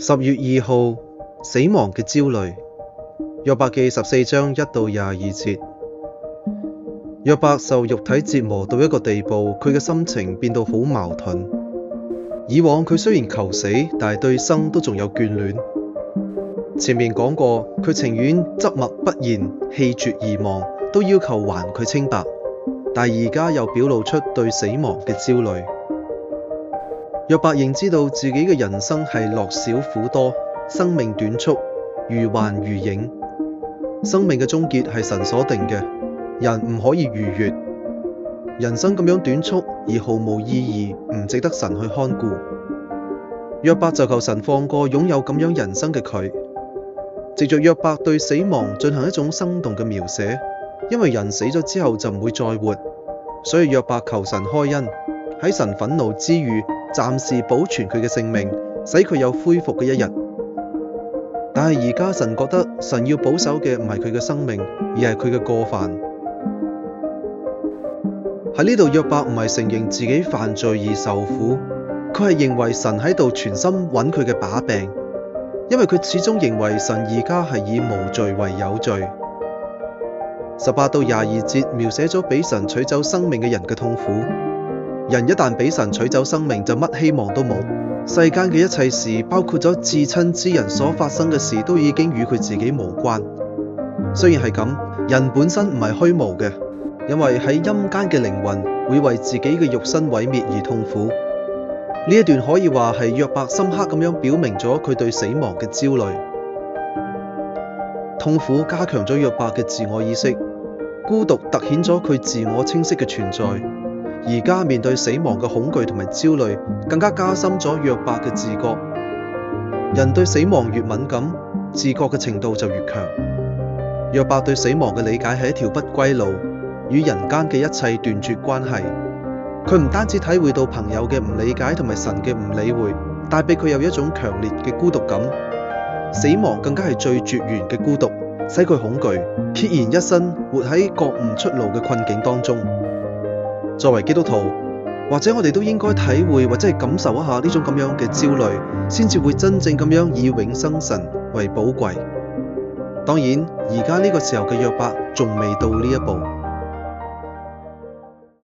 十月二號，死亡嘅焦慮。約伯記十四章一到廿二節。約伯受肉體折磨到一個地步，佢嘅心情變到好矛盾。以往佢雖然求死，但係對生都仲有眷戀。前面講過，佢情願緘默不言，氣絕而亡，都要求還佢清白。但而家又表露出對死亡嘅焦慮。約伯認識到自己嘅人生係樂少苦多，生命短促，如幻如影。生命嘅終結係神所定嘅，人唔可以逾越。人生咁樣短促而毫無意義，唔值得神去看顧。約伯就求神放過擁有咁樣人生嘅佢。藉著約伯對死亡進行一種生動嘅描寫，因為人死咗之後就唔會再活，所以約伯求神開恩，喺神憤怒之餘，暫時保存佢嘅性命，使佢有恢復嘅一日。但係而家神覺得，神要保守嘅唔係佢嘅生命，而係佢嘅過犯。喺呢度，約伯唔係承認自己犯罪而受苦，佢係認為神喺度存心揾佢嘅把柄，因為佢始終認為神而家係以無罪為有罪。十八到廿二節描寫咗俾神取走生命嘅人嘅痛苦。人一旦俾神取走生命，就乜希望都冇。世間嘅一切事，包括咗至親之人所發生嘅事，都已經與佢自己無關。雖然係咁，人本身唔係虛無嘅，因為喺陰間嘅靈魂會為自己嘅肉身毀滅而痛苦。呢一段可以話係約伯深刻咁樣表明咗佢對死亡嘅焦慮。痛苦加強咗約伯嘅自我意識，孤獨凸顯咗佢自我清晰嘅存在。嗯而家面對死亡嘅恐懼同埋焦慮，更加加深咗約伯嘅自覺。人對死亡越敏感，自覺嘅程度就越強。約伯對死亡嘅理解係一條不歸路，與人間嘅一切斷絕關係。佢唔單止體會到朋友嘅唔理解同埋神嘅唔理會，帶俾佢有一種強烈嘅孤獨感。死亡更加係最絕緣嘅孤獨，使佢恐懼，孑然一身，活喺覺悟出路嘅困境當中。作為基督徒，或者我哋都應該體會，或者係感受一下呢種咁樣嘅焦慮，先至會真正咁樣以永生神為寶貴。當然，而家呢個時候嘅約伯仲未到呢一步。